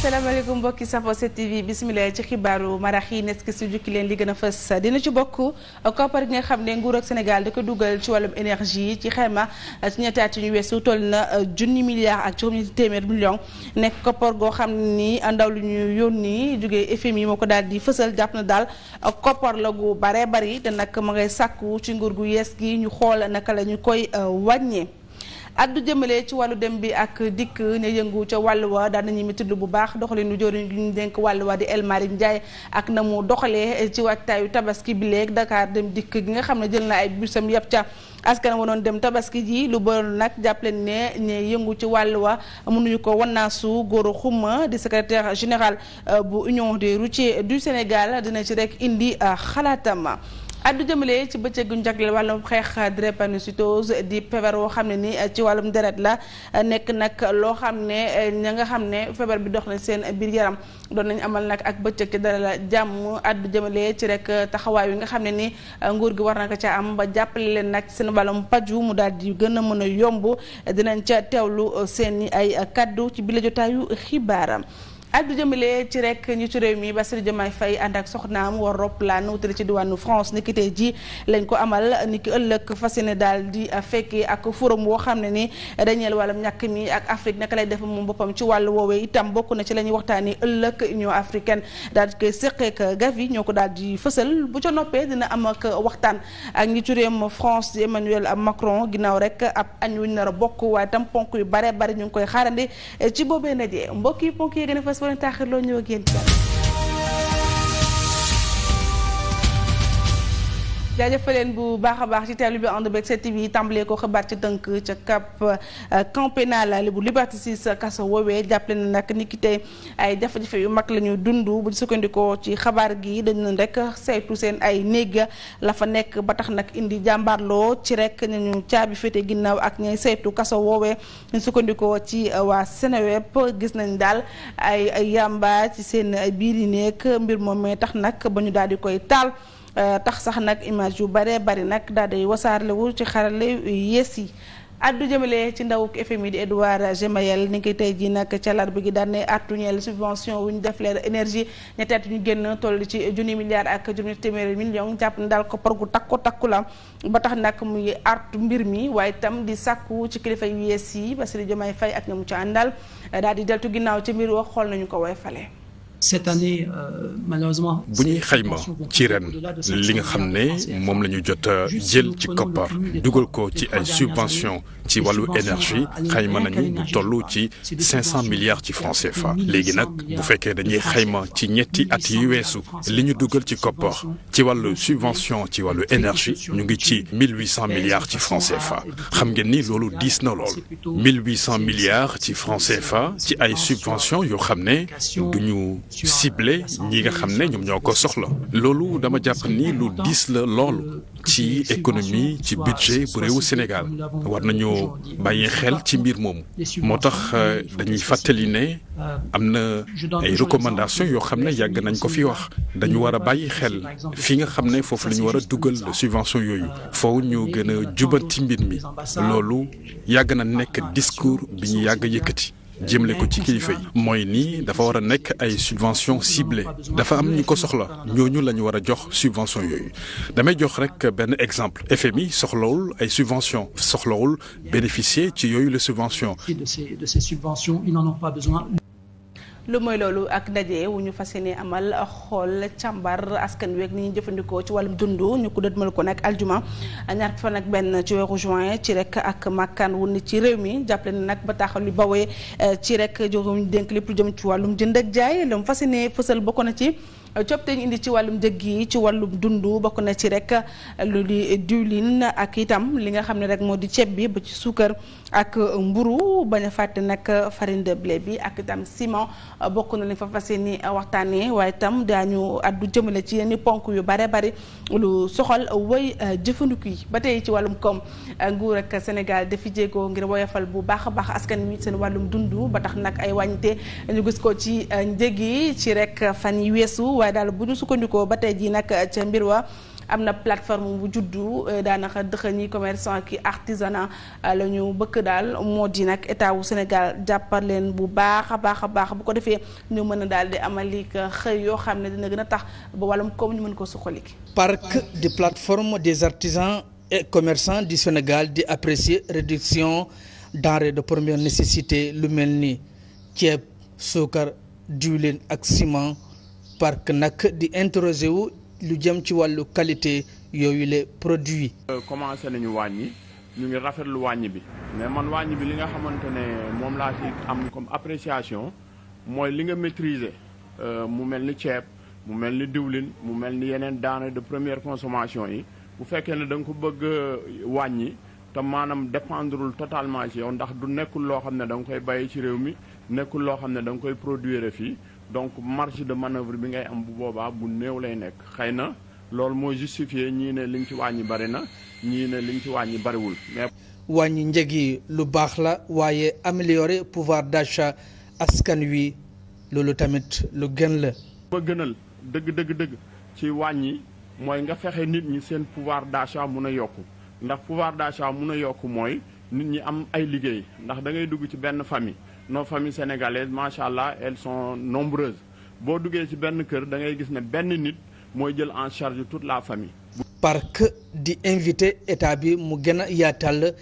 asalaamaaleykum mbokki safo 7TV bisimilah ci xibaaru marax yi nekk si jukki leen li gën a fës dina ci bokk koppar gi nga xam ne nguur ak Sénégal da ko dugal ci wàllum énergie ci xayma ci ñettaati ñu weesu toll na euh, junni milliards ak juróom-ñetti téeméer million nekk koppar goo xam ni ndaw lu ñu yónni jógee yi moo ko daal di fësal jàpp na daal koppar la gu baree bari te nag ma ngay sàkku ci nguur gu yees gi ñu xool naka la ñu koy euh, wàññee. addu jëmale ci wàllu dem bi ak dikk ne yëngu ca wàllu wa daan nañu mitidlu bu baax doxalinu joriñ li ñu dénk wàllu wa di El Malick Ndiaye ak na mu doxalee ci waajtaayu tabaski bi léegi Dakar dem dikk gi nga xam ne jël na ay busam yëpp ca askan wa doon dem tabaski ji lu bëri nag jàppaleen ne ñu yëngu ci wàllu wa mënuñu ko wannaasu Gora xuma di secrétaire général euh, bu Union des routiers du Sénégal dina ci rekk indi euh, xalaatam addu jëmale ci bëccëgu njagleel wàllum xeex drépanocytose di feebar woo xam ne ni ci wàllum deret la nekk nag loo xam ne ña nga xam ne feebar bi dox nañ seen biir yaram doon nañu amal nag ak bëccëg ci dara la jàmm addu jëmale ci rek taxawaay wi nga xam ne ni nguur gi war na ko ca am ba jàppale leen nag seen wàllum paju mu daal di gën a mën a yomb dinañ ca lu seen i ay kaddu ci bile jotaayu xibaaram addu jëmale ci rek ñu ci réew mi Bassirou Diomaye Faye ànd ak soxnaam war roplaan wutale ci diwaanu France ni ki ji lañ ko amal ni ki ëllëg fas yéene daal di fekkee ak forum woo xam ne ni dañeel wàllam ñàkk mi ak Afrique naka lay def moom boppam ci wàllu woowee itam bokk na ci la ñuy waxtaanee i Union africaine daal di koy seqeek Gavi ñoo ko daal di fësal bu ca noppee dina am ak waxtaan ak ñi ci ma France di Emmanuel Macron ginnaaw rek ab añ wuñ nar a bokk waaye itam ponk yu bare bari ñu ngi koy xaarandi ci boobee ndaje soo leen taaxir loo ñëw ak yéen jaajëfaleen bu baax a baax ci teelu bi ànd beeg 7TV tàmbalee ko xabaar ci tënk ca cap euh, camp pénal bu Liberté 6 kaso woowee jàppale na nag niki tey ay jafe-jafe yu mag la ñu dund bu sukkandikoo ci xabaar gi dañu leen rek saytu seen ay néeg la fa nekk ba tax nag indi jàmbaarloo ci rek ñu caabi féete ginnaaw ak ñay saytu kaso woowee ñu sukkandikoo ci euh, waa Seneweb gis nañ daal ay ay yàmba ci seen biir yi nekk mbir moom mee tax nag ba ñu daal di koy taal Euh, tax sax nag image yu baree bari nag daal di wasaarlewu ci xarale yées yi addu jëmale ci ndawuk FMI di Edouard Gemayel ni ngi tey ji nag ca larba gi daanne artuñeel subvention wu ñu def leer énergie ñetti at ñu génn toll ci junni milliards ak junni téeméeri million jàpp ne daal ko porgu takku takku la ba tax nag muy artu mbir mi waaye tam di sàkku ci kilifa yu yees yi Bassirou Diomaye Faye ak ñoom ci àndal daal di deltu ginnaaw ci mbir wax xool nañu ko woy fale cette année euh, malheureusement. bu ñuy xayma ci ren li nga xam ne moom la ñu jot a jël ci koppar dugal ko ci ay subventions ci wàllu énergie xayma nañu du toll ci 500 milliards ci francs CFA léegi nag bu fekkee dañuy xayma ci ñetti at yi weesu li ñu dugal ci koppar ci wàllu subvention ci wàllu énergie ñu ngi ci 1800 milliards ci francs fa xam ngeen ni loolu diis na lool 1800 milliards ci francs fa ci ay subvention yoo xam ne du ñu ciblé ñi nga xam ne ñoom ñoo ko soxla loolu dama jàpp ni lu diis la lool ci économie ci budget bu réewu Sénégal war nañu ko bàyyi xel ci mbir moomu moo tax euh, dañuy fàttali ne euh, am na ay recommandations yoo xam ne yàgg nañ ko fi wax dañu war a bàyyi xel fi nga xam ne foofu lañu ñu war a dugal subvention yooyu euh, foofu ñu gën a jubanti mbir mi loolu yàgg na nekk discours bi ñu yàgg yëkkati. jëmle ko ci kilifa yi mooy nii dafa war a nekk ay subvention ciblée dafa am ñi ko soxla ñooñu la ñu war a jox subvention yooyu damay jox rek benn exemple FMI soxlawul ay subvention soxlawul bénéficier ci yooyu la subvention. de ces subventions ils n'en ont lu mooy loolu ak ndaje wu ñu fas yéene amal xool càmbar askan week ak ni ñuy jëfandikoo ci wàllum dund ñu ko dëdmal ko nag aljuma ñaar fan ak benn ci weeru join ci rek ak màkkaan wu ni ci réew mi jàppale na nag bataaxal yu bawee eh, ci rek joxum dénk lépp lu jëm ci wàllum jënd ak jaay lu mu fas yéene fësal bokk na ci copte ñu indi ci wàllum njëg yi ci wàllum dund bokk na ci rek eh, lu di diwlin ak itam li nga xam ne rek moo di ceeb bi ba ci suukar ak mburu bañ a fàtte nag farine de bi ak itam simon bokk na li fa fas yéene waxtaanee waaye itam daañu addu jëmale ci yenn ponk yu bare bari lu soxal woy eh, jëfandiku yi ba tey ci wàllum koom eh, nguur ak Sénégal dafi jéego ngir woyofal bu baax a baax askan wi seen wàllum dund ba tax nag ay wàññite ñu gis ko ci njëg yi ci rek fan yi weesu waaye daal bu ñu sukkandikoo ba tey jii nag ca mbir wa am na plateforme bu juddu euh, daanaka dëxëñ yi commerçant ki artisanat euh, la ñu bëgg daal moo di nag état wu Sénégal jàppal leen bu baax a baax a baax bu ko defee ñoo mën a daal di amali xëy yoo xam ne dina gën a tax ba wàllum koom ñu mën ko suqali. parc de plateforme des artisans et commerçants di Sénégal di apprécier réduction denrées de première nécessité lu mel ni ceeb suukar diwlin ak ciment. parc nag di interroger wu lu jëm ci wàllu qualité yooyu les produits. Euh, commencé nañu wàññi ñu ngi rafetlu wàññi bi mais man wàññi bi li nga xamante ne moom laa ci am comme appréciation mooy li nga maîtriser euh, mu mel ni ceeb mu mel ni diwlin mu mel ni yeneen denrées de première consommation yi bu fekkee ne da nga ko bëgg euh, wàññi. te maanaam dépendrul totalement ci ndax du nekkul loo xam ne da nga koy bàyyi ci réew mi nekkul loo xam ne da nga koy produire fii donc marge de manœuvre bi ngay am bu boobaa bu néew lay nekk xëy na loolu mooy justifié ñii ne liñ ci wàññi bari na ñii ne liñ ci wàññi bariwul wàññi njëg yi lu baax la waaye améliorer pouvoir d'achat askan wi loolu tamit lu gën la. ma gënal dëgg dëgg dëgg ci wàññi mooy nga fexe nit ñi seen pouvoir d'achat mun a yokk ndax pouvoir d'achat mun a yokk mooy nit ñi am ay liggéey ndax da ngay dugg ci benn famille. nos familles sénégalaises macha allah elles son nombreuses boo duggee ci benn kër da ngay gis ne benn nit mooy jël en charge toute la famille. parc di invité état bi mu gën a yaatal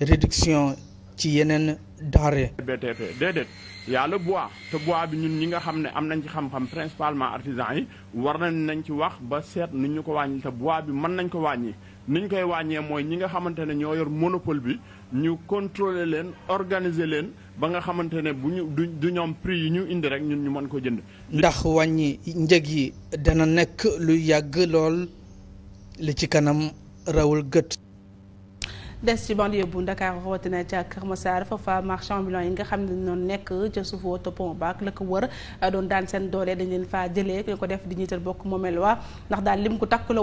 réduction ci yeneen denrées. BTP déedéet yàlla bois te bois bi ñun ñi nga xam ne am nañ ci xam-xam principalement artisans yi war nañ nañ ci wax ba seet nu ñu ko wàññi te bois bi mën nañ ko wàññi. ni ñu koy wàññee mooy ñi nga xamante ne ñoo yor monopole bi ñu contrôler leen organiser leen ba nga xamante ne bu ñu du du ñoom prix yi ñu indi rek ñun ñu mën ko jënd. ndax wàññi njëg yi dana nekk lu yàgg lool li ci kanam rawul gët. des ci banlieue bu Ndakaar rawatina ca Kër Massar foofa marchand ambulant yi nga xam ne noonu nekk ca suufu woto pont baak la ko wër euh, doon daan seen doole dañ leen faa jëlee ko def di ñiital bokk moomeel waa ndax daal lim ko takk di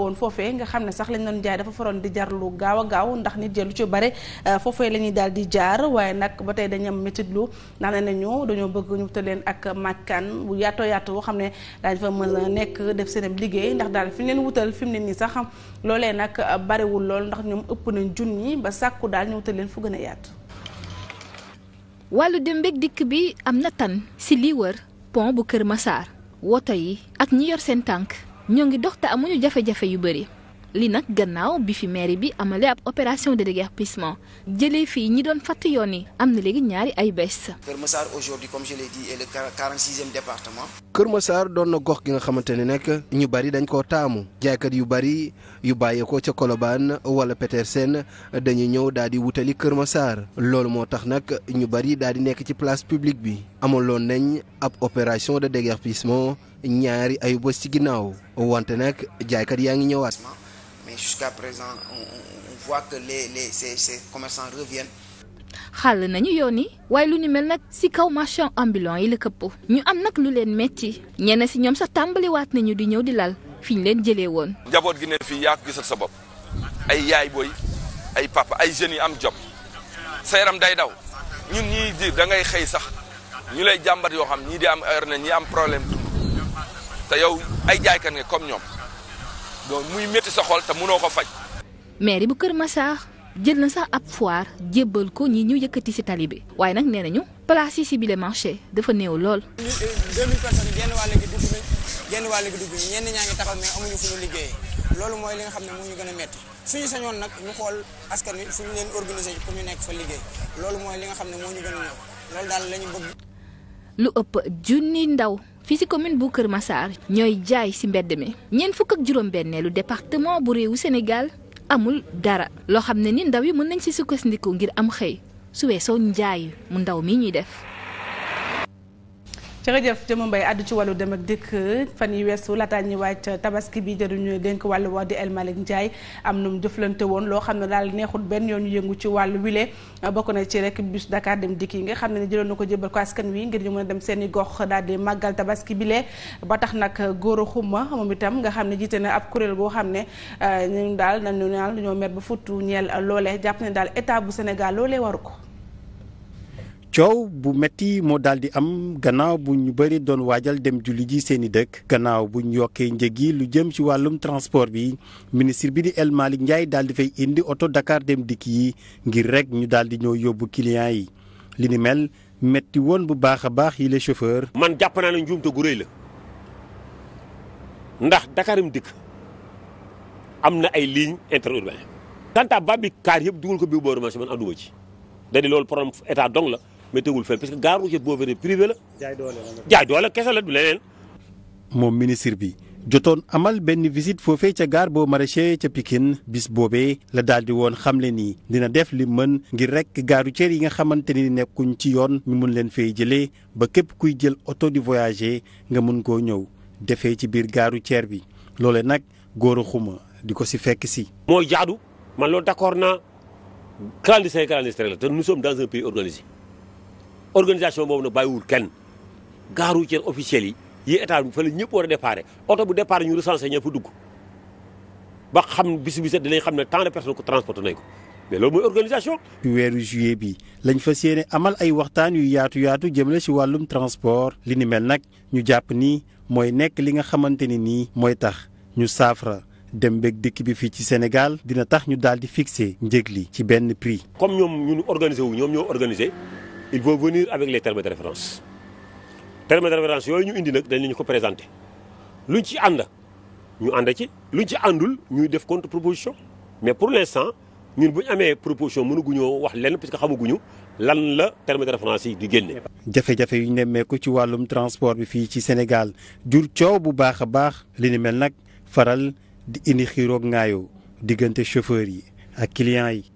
jar lu gaaw a gaaw ndax nit jëlu ci bare euh, foofee la daal di jaar waaye nag ba tey dañu am métit lu ndax ne nañu dañoo bëgg ñu te leen ak màkkaan bu yaatoo yaatu boo xam ne daañu fa mën a nekk def seen liggéey ndax daal fi leen wutal fi ne nii sax loolee nag euh, barewul lool ndax ñoom ëpp nañ junni ba sàkku daal ñu wutal leen fu gën a yaatu. wàllu dem beeg dikk bi am na tan si lii wër pont bu Kër masaar woto yi ak ñi yor seen tànk ñoo ngi dox te amuñu jafe-jafe yu bëri. li nag gannaaw bi fi mairie bi amale ab opération de déguerpissement jëlee fii ñi doon fatt yoon yi am na léegi ñaari ay bés. Kër Massar aujourd'hui comme je Kër Massar doon na gox gi nga xamante ne nag ñu bari dañ koo taamu jaaykat yu bari yu bàyyeekoo ca Colobane wala Petersen dañuy ñëw daal di wutali Kër Massar loolu moo tax nag ñu bari daal di nekk ci place publique bi amaloon nañ ab opération de déguerpissement ñaari ay bés ci ginnaaw wante nag jaaykat yaa ngi ñëwaat. Mais jusqu'à présent, on, on, que les, les, ces, ces commerçants reviennent. nañu yoon yi waaye lu ñu mel nag si kaw marchand ambulant yi la këpp ñu am nag lu leen metti ñenn si ñoom sax tàmbaliwaat nañu di ñëw di lal fi ñu leen jëlee woon. njaboot gi ne fii yaa ko gisal sa bopp ay yaay booy ay papa ay jeunes yi am job sa yaram day daw ñun ñii di da xëy sax ñu lay jàmbat yoo xam ñii di am heure ñii am problème dund te yow ay jaaykat nga comme ñoom. donc muy métti sa xol te mënoo ko faj. mairie bu Kër Massar jël na sax ab foire jébbal ko ñi ñu yëkkati si tali bi waaye nag nee nañu place yi si bile marché dafa néew lool. ñu 2000 personnes genn wàll gi dugg nañ genn wàll gi dugg ñenn ñaa ngi li nga xam ne moo ñu gën a métti suñu sañoon xool askan wi fu ñu leen organiser pour nekk fa liggéey loolu mooy li nga xam ne moo ñu gën daal lañu ñu bëgg. lu ëpp junni ndaw. fii ci commune bu Kër Massar ñooy jaay ci mbedd mi ñeent fukk ak juróom-benneelu département bu réewu Sénégal amul dara loo xam ne ni ndaw yi mën nañ ci sukkandiku ngir am xëy su weesoo njaay mu ndaw mii ñuy def. jërëjëf Jemma Mbaye àddu ci wàllu dem ak dikk fan yi weesu laataa ñuy wàcc tabaski bi jëruñu dénk wàllu wa di El Malick Ndiaye am na jëflante woon loo xam ne daal neexul benn yoon ñu yëngu ci wàllu wile bokk na ci rek bus Dakar dem dikk yi nga xam ne jëloon na ko jébal ko askan wi ngir ñu mën a dem seen daal di màggal tabaski bile ba tax nag góor a moom itam nga xam ne jiite na ab kuréel goo xam ne euh, ñun daal nañu naan ñoo mer ba futtu ñeel loole jàpp ne daal état bu Sénégal loolee waru ko coow bu metti moo daal di am gannaaw bu ñu bari doon waajal dem julli ji seeni dëkk gannaaw bu ñu yokkee njëg yi lu jëm ci wàllum transport bi ministre bi di El Malick Ndiaye daal di fay indi oto Dakar dem dikk yi ngir rek ñu daal di ñëw yóbbu kiliyen yi li ni mel metti woon bu baax a baax yi les chauffeurs. man jàpp naa ne njuumte gu rëy la ndax Dakarim dikk am na ay lignes interurbaines. quant à Babi Car yëpp dugal ko biir booru marché man ànduma ci da loolu problème état la. mais tegul fenn parce que gare routière boo veree privé la. jaay doole la jaay doole kese la du leneen. moom ministre bi jotoon amal benn visite foofee ca gare boo maraîcher ca Pikine bis boobee la daal di woon xamle nii dina def li mën ngir rek gare routière yi nga xamante ni nekkuñ ci yoon ñu mun leen fay jëlee ba képp kuy jël oto di voyager nga mun koo ñëw defee ci biir gaaru routière bi loole nag góoraxuma di ko si fekk si. mooy jaadu man loolu d'accord naa clandestin clandestin la te nous sommes dans un organisation boobu nag bàyyiwul kenn gaaru routière officielle yi yi état bi fa la ñëpp war a départ oto bu départ ñu recensé ña fa dugg ba xam bis bi set dinañ xam ne tant de personnes ko transporté nañ ko mais loolu mooy organisation. weeru juillet bi lañ fa yéene amal ay waxtaan yu yaatu yaatu jëmale si wàllum transport li ni mel nag ñu jàpp nii mooy nekk li nga xamante ni nii mooy tax ñu saafara dem beeg dikk bi fii ci Sénégal dina tax ñu daal di fixer njëg li ci benn prix. comme ñoom ñun wu ñoom ñoo organiser. il faut venir avec les termes de référence termes de référence yooyu ñu indi nag dañ ñu ko présenté luñ ci ànd ñu ànd ci luñ ci àndul ñuy def contre proposition mais pour l'instant ñun bu ñu amee proposition mënaguñoo wax lenn parce que xamaguñu lan la terme de référence yi di génne. jafe-jafe yu nemmeeku ci wàllum transport bi fii ci Sénégal jur coow bu baax a baax li ni mel nag faral di indi xiiroog ngaayo diggante chauffeur yi ak clients yi.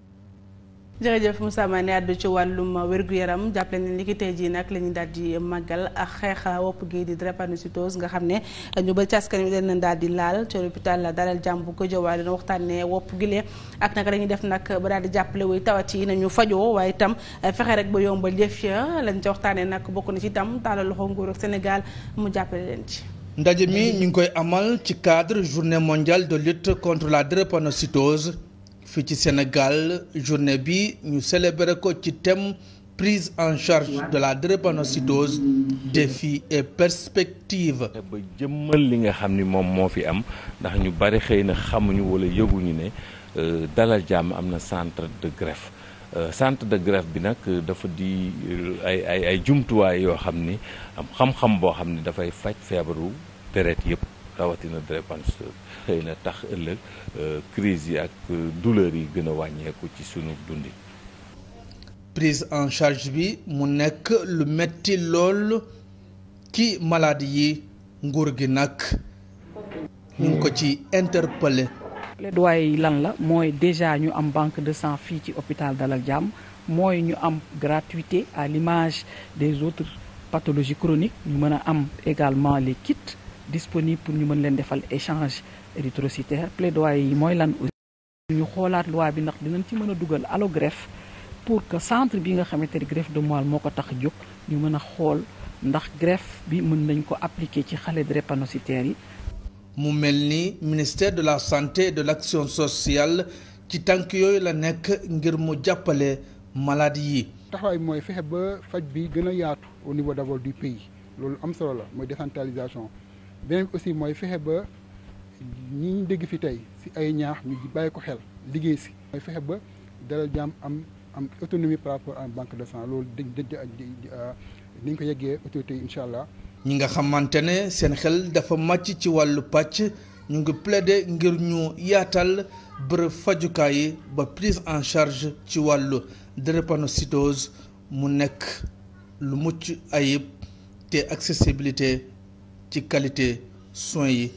jërëjëf Moussa Mané àddu ci wàllum wér-gu-yaram jàppale ne li ki tey jii nag la ñu daal di màggal ak xeex wopp gii di drépanocytose nga xam ne ñu ba ci askan wi leen daal di laal ci hôpital Dalal Jàmm bu Guédiawaye dina waxtaanee wopp gi gile ak naka dañuy def nag ba daal di jàppale wuy tawat yi nañu fajoo waaye itam fexe rek ba yombal jëf ya lañ ca waxtaanee nag bokk na ci itam tàllal loxo nguur ak Sénégal mu jàppale leen ci. ndaje mi ñu ngi koy amal ci cadre journée mondiale de lutte contre la drépanocytose. fii ci Sénégal journée bi ñu célébrer ko ci thème prise en charge de la drépanocytose défis et perspectives. ba jëmmal li nga xam ni moom moo fi am ndax ñu bari xëy na xamuñu wala yëguñu ne euh, dalal jàmm am na centre de greffe euh, centre de greffe bi nag euh, dafa di ay ay jumtuwaay yoo xam ni am xam-xam boo xam ni dafay faj feebaru deret yëpp. rawatina drépanocytose xëy na tax ëllëg euh, crise yi ak euh, douleur yi gën a wàññeeku ci sunu dundi prise en charge bi mu nekk lu metti lool ci maladi yi nguur gi nag ñu ngi ko ci interpellé plaidoyer yi lan la mooy déjà ñu am banque de sang fii ci hôpital Dalal Jàmm mooy ñu am gratuité à l'image des autres pathologies chroniques ñu mën a am également le kits disponible pour ñu mën leen defal échange érythrocytaire plaidoyer yi mooy lan ñu xoolaat loi bi ndax dinañ ci mën a dugal allogreffe pour que centre bi nga xamante ni greffe de moelle moo ko tax jóg ñu mën a xool ndax greffe bi mën nañ ko appliquer ci xale drépanocytaires yi mu mel ni ministère de la santé et de l'action sociale ci tànk yooyu la nekk ngir mu jàppale malade yi taxawaay mooy fexe ba faj bi gën a yaatu au niveau d'abord du pays loolu am solo la mooy décentralisation beneen aussi mooy fexe ba ñi ñu dégg fi tey si ay ñaax ñu bàyyi ko xel liggéey si. mooy fexe ba Dalal Jàmm am am autonomie par rapport à banque de sang loolu dañ ko yeggee autorité yi incha allah. ñi nga xamante ne seen xel dafa màcc ci wàllu pàcc ñu ngi plaider ngir ñu yaatal bërëb fajukaay yi ba prise en charge ci wàllu drépanocytose mu nekk lu mucc ayib te accessibilité. ci qualité soins yi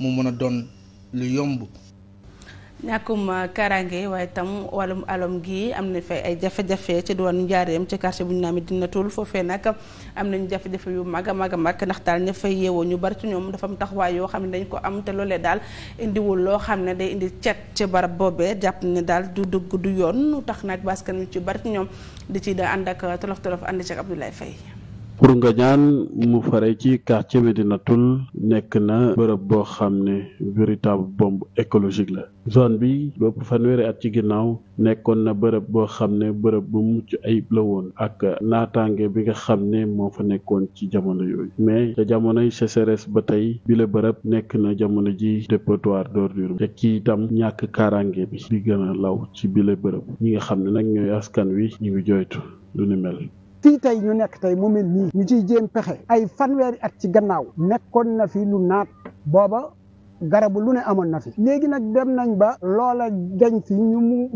mu mën a doon lu yomb. ñàkkum kaaraange waaye tam wàllum alom gi am na fay ay jafe-jafe ci diwaanu Njaareem ci quartier bu ñu naan Medina Toul foofee nag am nañu jafe-jafe yu mag a mag a mag ndax daal ña fay yeewoo ñu bari ci ñoom dafa am taxawaay yoo xam ne dañ ko am te loolee daal indiwul loo xam ne day indi cet ci barab boobe jàpp ne daal du dëgg du yoon tax nag baskan wi ci bari ci ñoom di ci daa ànd ak tolof tolof ànd ci ak Abdoulaye Faye pour nga ñaan mu fare ci quartier Médinatoul nekk na bërëb boo xam ne véritable bombe écologique la zone bi bopp fanweeri at ci ginnaaw nekkoon na bërëb boo xam ne bërëb bu mucc ayib la woon ak naataange bi nga xam ne moo fa nekkoon ci jamono yooyu mais ca jamonoy sécheresse ba tey bi la bërëb nekk na jamono ji dépotoir d'ordure te ci itam ñàkk kaaraange bi di gën law ci bi bërëb ñi nga xam ne nag ñooy askan wi ñu ngi joytu lu ni mel fii ñu nekk tey mu mel nii ñu ci jéem pexe ay fanweeri at ci gannaaw nekkoon na fi lu naat booba garabu lu ne amoon na fi léegi nag dem nañ ba loola dañ fi ñu mu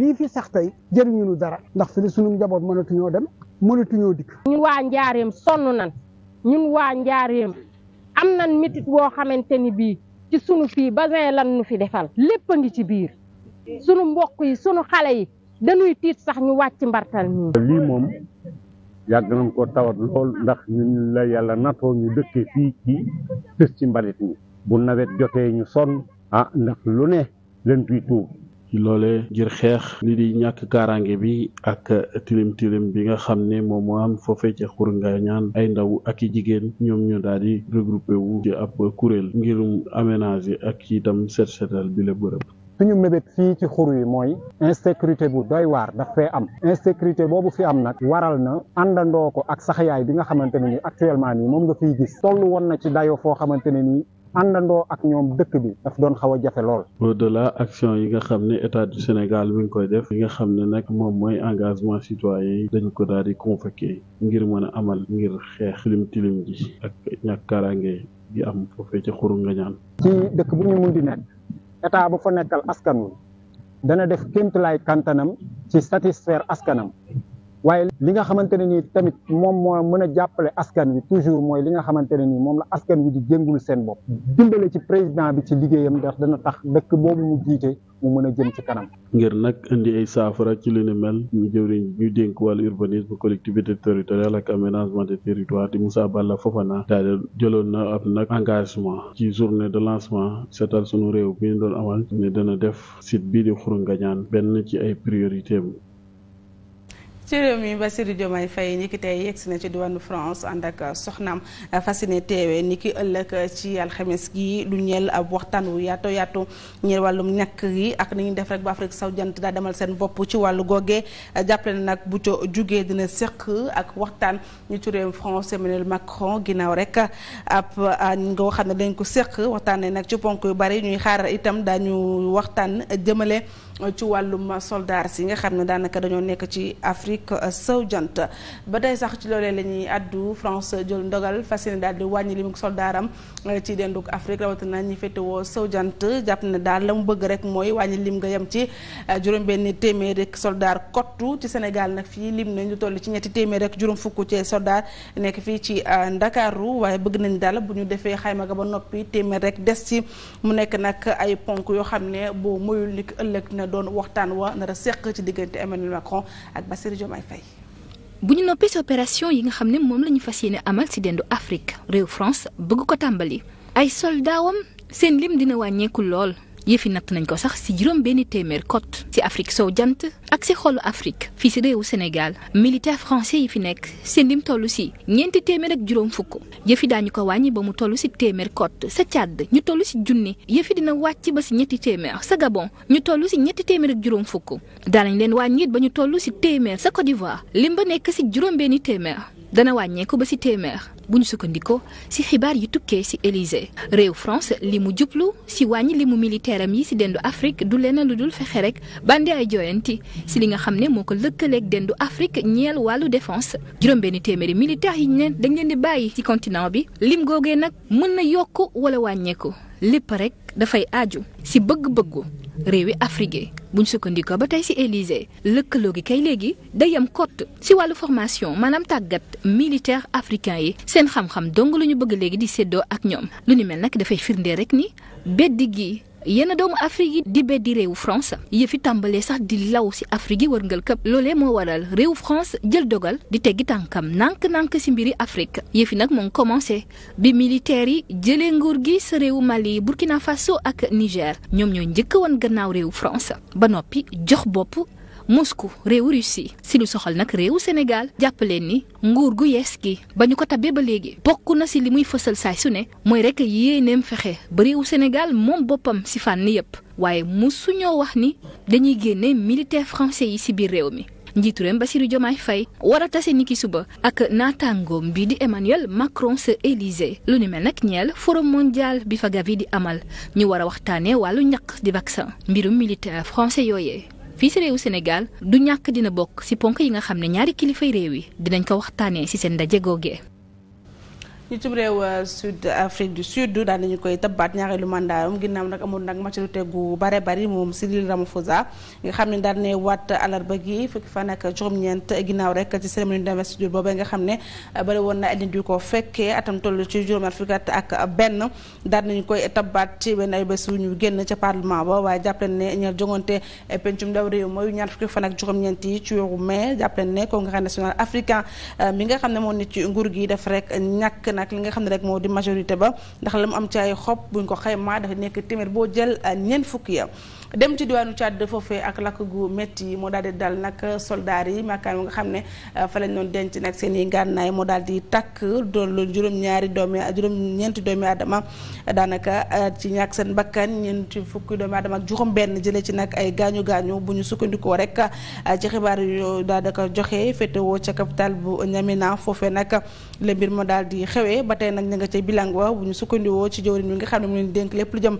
lii fi sax tey jëriñu ñu dara ndax fi la sunu njaboot mënatuñoo dem mënatuñoo dikk. ñun waa njaareem sonn nan ñun waa njaareem am nan métit woo xamante ni bii ci sunu fii basin lan nu fi defal lépp a ngi ci biir sunu mbokk yi sunu xale yi dañuy tiit sax ñu wàcc mbartal ñii lii yàgg nañ ko tawat lool ndax ñun la yàlla natoo ñu dëkkee fii ci tës ci mbalit mi bu nawet jotee ñu sonn ah ndax lu ne leen fiy tuub ci ngir xeex li di ñàkk kaaraange bi ak tilim tilim bi nga xam ne moom moo am foofee ca xur ñaan ay ndaw ak i jigéen ñoom ñu daal di regroupé wu ci ab kuréel ngir aménager ak itam set setal bi la bërëb suñu mébét fii ci xur yi mooy insécurité bu doy waar daf fee am insécurité boobu fi am nag waral na àndandoo ko ak sax yaay bi nga xamante ne ni actuellement nii moom nga fiy gis toll woon na ci dayo foo xamante ne nii àndandoo ak ñoom dëkk bi daf doon xaw a jafe lool. de la action yi nga xam ne état du Sénégal mi ngi koy def yi nga xam ne nag moom mooy engagement citoyen yi dañ ko daal di convoqué ngir mën a amal ngir xeex tilim tilim ji am foofee état bu fa nekkal askan wi dana def kéemtulaay kantanam ci satisfaire askanam waaye li nga xamante ne nii tamit moom moo mën a jàppale askan wi toujours mooy li nga xamante ne nii moom la askan wi di jëngul seen bopp dimbale ci président bi ci liggéeyam ndax dana tax dëkk boobu mu jiite mu mën a jëm ci kanam. ngir nag indi ay saafara ci li ni mel ñu jëwriñ ñu dénk wàllu urbanisme collectivité territoriale ak aménagement des territoires di Moussa a Fofana daal jëloon na ab nag engagement ci journée de lancement seetal sunu réew bi ñu doon amal ne dana def site bii di Xuru Ngañaan benn ci ay priorité ci réew mi Bassirou Diomaye Faye ni ki tey yegsi na ci diwaanu France ànd ak soxnaam euh, fasine teewe ni ki ëllëg euh, ci alxames gi lu ñeel ab waxtaan wu yaato yaato ñeel wàllum ñàkk yi ak ni ñu def rek ba Afrique saw jant daa demal seen bopp ci wàllu googe euh, jàppale na nag bu co jugee dina séq ak waxtaan ñu ci réew France Emmanuel Macron ginnaaw rek ab nga xam ne dañ ko séq waxtaanee nag ci ponk yu bari ñuy xaaral itam daañu waxtaan jëmale ci wàllum soldaar yi nga xam ne daanaka dañoo nekk ci Afrique euh, sow jant ba tey sax ci loolee la ñuy addu France jël ndogal fas yéene daal di wàññi limu soldaaram euh, ci denduk Afrique rawatina ñi féetewoo sow jant jàpp ne daal la mu bëgg rek mooy wàññi lim nga yem ci euh, juróom-benn téeméer rek soldaar kottu ci Sénégal nag fii lim nañ lu toll ci ñetti téeméer rek juróom fukk ci soldaar nekk fii ci Ndakaaru waaye bëgg nañ daal bu ñu defee xayma ga ba noppi téeméer rek des ci mu nekk nag ay ponk yoo xam ne boo moyul ni doon waxtaan wa nar a seq ci diggante Emmanuel Macron ak Bassirou Diomaye Faye. bu ñu noppee ci opération yi nga xam ne moom la ñu fas yéene amal ci dendu Afrique réew France bëgg ko tàmbali ay soldaawam seen lim dina wàññeeku lool. yëf natt nañ ko sax si juróom benn téeméer côte si Afrique sow jant ak si xolu Afrique fii si réewu Sénégal militaire français yi fi nekk seen lim toll si ñeenti téeméer ak juróom fukk yëf yi daañu ko wàññi ba mu toll si téeméer côte sa Tchad ñu toll si junni yëf dina wàcc ba si ñetti téeméer sa Gabon ñu toll si ñetti téeméer ak juróom fukk daanañ leen wàññi ba ñu toll si téeméer sa Côte d'Ivoire lim ba nekk si juróom benn téeméer dana wàññeeku ba ci téeméer bu ñu sukkandikoo ci xibaar yi tukkee ci Élysée réew France li mu jublu ci wàññi li mu militaire am yi ci dendu Afrique du leneen lu dul fexe rek bandi ay jooyanti ci li nga xam ne moo ko lëkkaleeg dendu Afrique ñeel wàllu défense juróom-benn téeméeri militaire yi ñu ne dañ leen di bàyyi ci continent bi lim googee nag mën na yokk wala wàññeeku lépp rek dafay aaju ci bëgg-bëggu réewi Afrique bu buñ sukkandikoo ba tey ci Élysée lëkkaloo gi kay léegi day am cote ci wàllu formation maanaam tàggat militaire africain yi seen xam-xam dong lu ñu bëgg léegi di séddoo ak ñoom lu ni mel nag dafay firndee rek ni bedd gi yenn doomu Afrique yi di be di réewu France yëfi tàmbalee sax di law si Afrique yi wërngal këpp loole moo waral réew France jël dogal di teggi tànkam nànk-nànk si mbiri Afrique yëfi nag moo ngi commencé bi militaires yi jëlee nguur gi sa réewu Mali Burkina Faso ak Niger ñoom ñoo njëkk woon gannaaw réew France ba noppi jox bopp Moscou réewu Russie si lu soxal nag réewu Sénégal jàpp ni nguur gu yees gi ba ñu ko tabbee ba léegi bokk na si li muy fësal saay su ne mooy rek yéeneem fexe ba réewu Sénégal moom boppam si fànn yépp waaye mu su ñoo wax ni dañuy génne militaire français yi si biir réew mi. njiitu ba si Diomaye Faye war a tase niki suba ak naataangoom bii di Emmanuel Macron sa Élysée lu ni mel nag ñeel forum mondial bi fa Gavi di amal ñu war a waxtaanee wàllu ñaq di vaccin mbirum militaire français yooyee. fii si réew Sénégal du ñàkk dina bokk si ponk yi nga xam ne ñaari kilifay réew yi dinañ ko waxtaanee si seen ndaje googee njiitum réew euh, sud Afrique du Sud daal nañu koy tabbaat ñaareelu mandatam ginnaaw nag amoon nag maturité gu bare bari moom Cyril Ramaphosa nga xam ne daal ne waat alarba gi fukki fan ak juróom-ñeent ginnaaw rek ci cérémonie d'investiture boobee nga xam ne euh, bari woon na nit ko fekkee atam toll ci juróom fukki at ak benn daal nañu koy tabbaat ci benn ay bés yu ñu génn ca parlement ba waaye jàppaleen ne ñaar jongante euh, pencum ndaw réew mooy ñaar fukki fan ak juróom-ñeent yi ci weeru mai jàppaleen ne congrès national mi nga xam ne moo nit ci nguur gi def rek ñàkk nag li nga xam ne rek moo di majorité ba ndax la mu am ci ay xob buñ ko xaymaa dafa nekk téeméer boo jël a euh, ñeent fukk ya dem ci diwaanu Tchad foofee ak lakk gu metti yi moo daal di dal nag soldaar yi maakaam nga xam ne euh, fa lañ doon denc nag seen i ngànnaay moo daal di takk doon loolu juróom-ñaari doomi juróom-ñeenti doomi aadama daanaka euh, ci ñàkk seen bakkan ñeenti fukki doomi aadama ak juróom-benn jëlee ci nag ay gaañu gaañu bu ñu sukkandikoo rek euh, ci xibaar yu daanaka joxe féetewoo ca capital bu N'Djamena foofee nag la mbir ma daal di xewee ba tey nag ña nga ca bilang bu ñu sukkandikoo ci jëwriñ bi nga xam ne mu dénk lépp lu jëm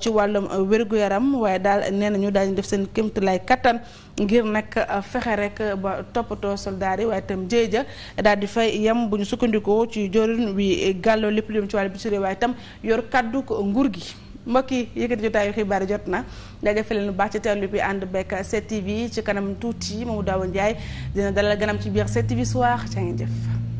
ci wàllum wérgu yaram waaye daal nee nañu daañu def seen kéemtulaay kattan ngir nag euh, fexe rek euh, ba toppatoo soldaar yi waaye itam jéeja daal di fay yem bu ñu sukkandikoo ci jorin wi gàlloo lépp lu ci bu bi suré waaye itam yor kàddu ko nguur gi mbokk yi yëkkati jotaayu xibaar yi jot na jaajëfal leen lu baax ci teewlu bi ànd bekk 7TV ci kanam tuuti Mamadou Awa Ndiaye dina dalal ganam ci biir 7TV soir ca ngeen jëf